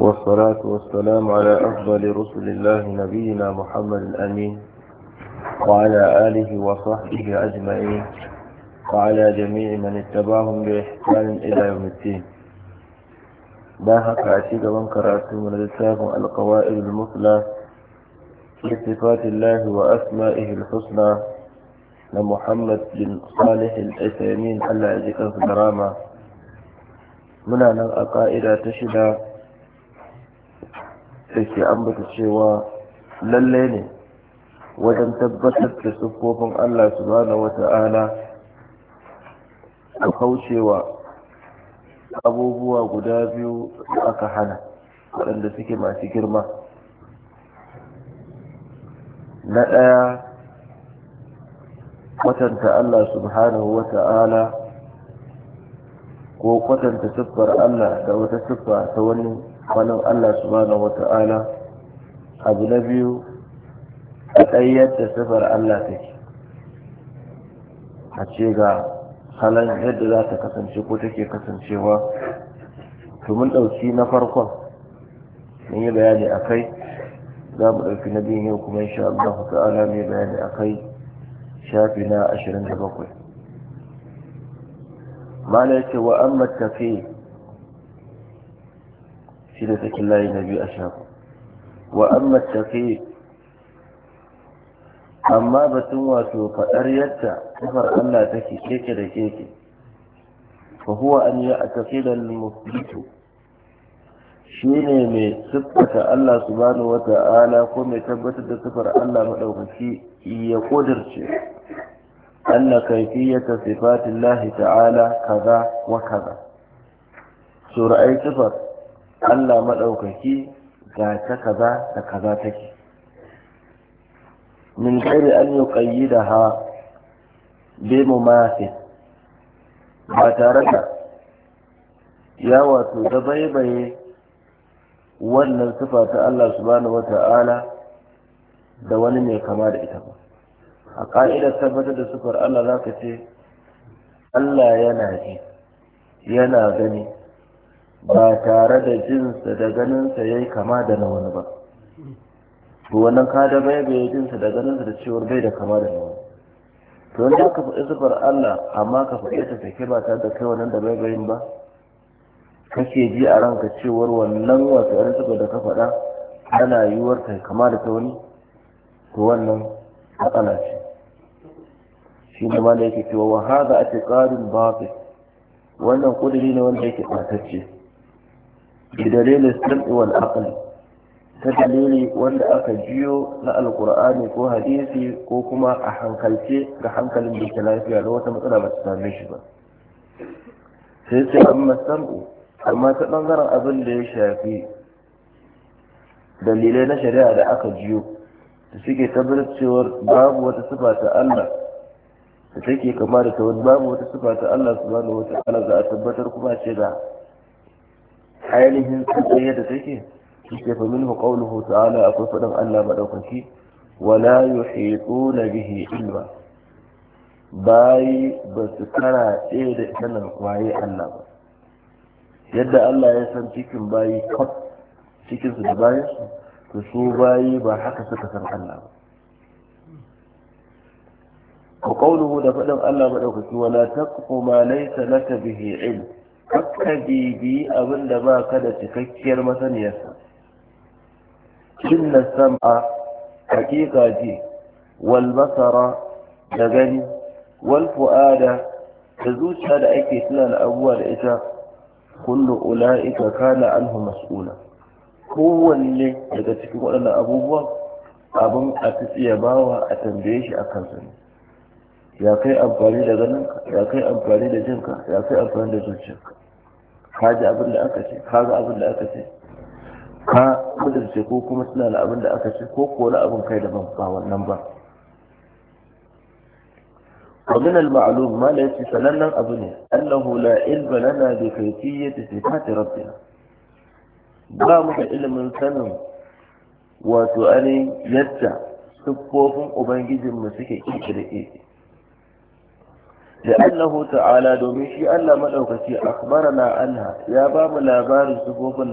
والصلاة والسلام على أفضل رسل الله نبينا محمد الأمين وعلى آله وصحبه أجمعين وعلى جميع من اتبعهم بإحسان إلى يوم الدين باهك أتيك من قرأت من لتاهم القوائد المثلى في صفات الله وأسمائه الحسنى لمحمد بن صالح العثيمين ألا أجيك في الدرامة منعنا نلقى تشدى da ke ambata cewa lallai ne wajen tabbatar da siffofin Allah subhanahu wata'ala a kaucewa abubuwa guda biyu da aka hana waɗanda suke masu girma na ɗaya kwatanta Allah subhanahu wata'ala ko kwatanta siffar Allah da wata siffa ta wani wani Allah subhanahu wata'ala abu na biyu a ɗayyar da sifar Allah take a ce ga halin yadda za ta kasance ko take kasancewa to mun ɗauki na farkon mun yi bayani a kai za mu ɗauki na biyun yau kuma insha Allah ta'ala mai bayani a kai shafi na ashirin da bakwai. mala yake wa amma shi ne sakin layi na biyu a shafa wa amma tafi amma batun wato faɗar yadda kafar Allah take keke da keke fa huwa an yi a tafi da mutu shi ne mai siffata Allah subhanahu wa ta'ala ko mai tabbatar da siffar Allah maɗaukaki ya ƙudurce أن كيفية صفات الله تعالى كذا وكذا سورة أي صفر Allah maɗaukaki ga ta kaza da kaza take min gari an yi da ha bai mu ba tare da ya wato da baibaye wannan sifa ta Allah subhanahu wa ta'ala da wani mai kama da ita ba a ƙa'idar tabbatar da sufar Allah za ka ce Allah yana ji yana gani ba tare da jinsa da ganinsa ya yi kama da na wani ba to wannan kada bai bai jinsa da ganinsa da cewar bai da kama da na wani to wanda ka faɗi zubar Allah amma ka faɗi ta sake ba tare da kai wannan da bai bai ba kake ji a ranka cewar wannan wasu ɗan zubar da ka faɗa ana yiwuwar ta kama da ta wani to wannan matsala ce shi ne ma da yake cewa wa haza a ba su? wannan kudiri ne wanda yake ɓatacce بدليل السمع والعقل تدليل وند أكا جيو لا القرآن كو حديثي كو كما أحنكلتي كحنكل بالتلافي على وتم أنا ما تسامش با سيسي أما السمع أما تنظر أبن لي شافي dalilai na shari'a da aka jiyo da suke tabbatar cewar babu wata sifa ta Allah da take kama da ta wani babu wata sifa ta Allah subhanahu wa ta'ala za a tabbatar kuma ce da ainihin tsaye da take yake fa minhu qawluhu ta'ala akwai fadin Allah madaukaki wala yuhituna bihi ilma bayi ba su kara ɗaya da sanin waye Allah ba yadda Allah ya san cikin bayi kaf cikin su da bayan su to su bayi ba haka suka san Allah ba وقوله ده فدن الله مدوكي ولا تقف ما ليس لك به علم kakka bibiyi abin da ba ka da cikakkiyar masaniyarsa inna sam'a hakika ji wal basara da gani wal fu'ada da zuciya da ake tuna abubuwa da ita kullu ula'ika kana anhu mas'ula kowanne daga cikin waɗannan abubuwan abin a tsiya bawa a tambaye shi a kansa ne ya kai amfani da ganinka ya kai amfani da jinka ya kai amfani da zuciyarka ka ji abin da aka ce ka ga abin da aka ce ka kudurce ko kuma suna da abin da aka ce ko kuwa abin kai da ba wannan ba ومن المعلوم ما ليس سننا أبني أنه لا علم لنا بكيفية صفات ربنا ba mu da ilimin sanin wato ainihin yadda siffofin ubangijinmu suke ƙirƙire da Allah ta'ala domin shi Allah maɗaukaci akbar na anha ya ba labarin su gobin